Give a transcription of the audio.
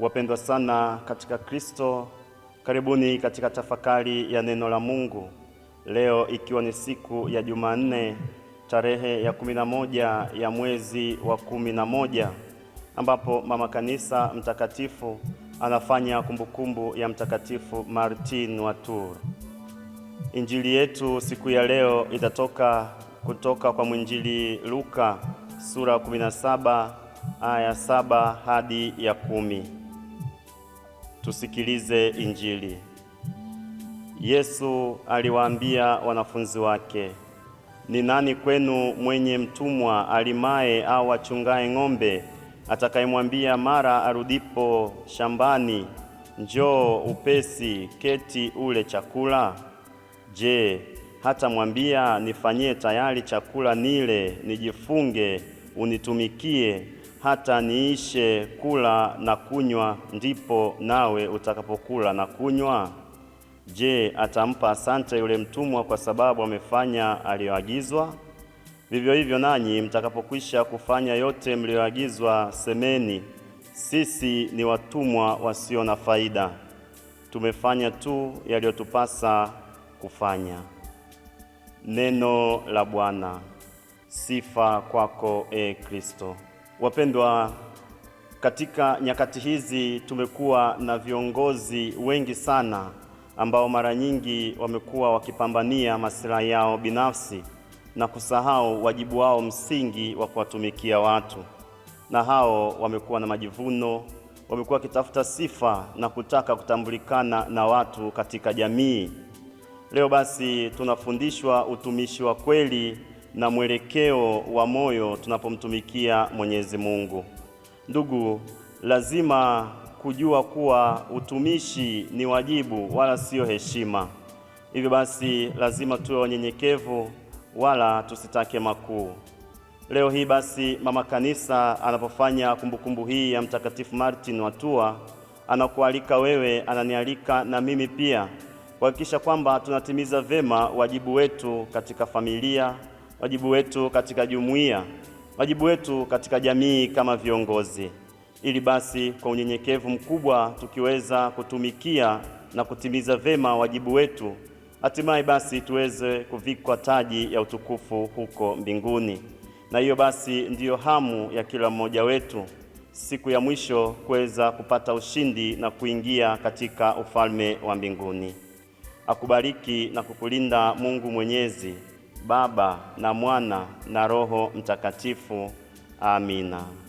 Wapendwa sana katika Kristo, karibuni katika tafakari ya neno la Mungu leo, ikiwa ni siku ya Jumanne tarehe ya kumi na moja ya mwezi wa kumi na moja ambapo mama kanisa mtakatifu anafanya kumbukumbu ya mtakatifu Martin wa Tours. Injili yetu siku ya leo itatoka kutoka kwa mwinjili Luka sura 17 aya 7 hadi ya kumi. Tusikilize Injili. Yesu aliwaambia wanafunzi wake, ni nani kwenu mwenye mtumwa alimaye au achungaye ng'ombe atakayemwambia mara arudipo shambani, njoo upesi, keti ule chakula? Je, hata mwambia nifanyie tayari chakula nile, nijifunge, unitumikie hata niishe kula na kunywa, ndipo nawe utakapokula na kunywa? Je, atampa asante yule mtumwa kwa sababu amefanya aliyoagizwa? Vivyo hivyo nanyi mtakapokwisha kufanya yote mliyoagizwa, semeni, sisi ni watumwa wasio na faida, tumefanya tu yaliyotupasa kufanya. Neno la Bwana. Sifa kwako, e Kristo. Wapendwa, katika nyakati hizi tumekuwa na viongozi wengi sana ambao mara nyingi wamekuwa wakipambania masilahi yao binafsi na kusahau wajibu wao msingi wa kuwatumikia watu, na hao wamekuwa na majivuno, wamekuwa wakitafuta sifa na kutaka kutambulikana na watu katika jamii. Leo basi tunafundishwa utumishi wa kweli na mwelekeo wa moyo tunapomtumikia Mwenyezi Mungu. Ndugu, lazima kujua kuwa utumishi ni wajibu wala siyo heshima. Hivyo basi lazima tuwe wanyenyekevu wala tusitake makuu. Leo hii basi mama kanisa anapofanya kumbukumbu hii ya Mtakatifu Martin wa Tours anakualika wewe, ananialika na mimi pia kuhakikisha kwamba tunatimiza vema wajibu wetu katika familia wajibu wetu katika jumuiya, wajibu wetu katika jamii kama viongozi, ili basi kwa unyenyekevu mkubwa tukiweza kutumikia na kutimiza vema wajibu wetu, hatimaye basi tuweze kuvikwa taji ya utukufu huko mbinguni. Na hiyo basi ndiyo hamu ya kila mmoja wetu siku ya mwisho kuweza kupata ushindi na kuingia katika ufalme wa mbinguni. Akubariki na kukulinda Mungu Mwenyezi Baba na Mwana na Roho Mtakatifu. Amina.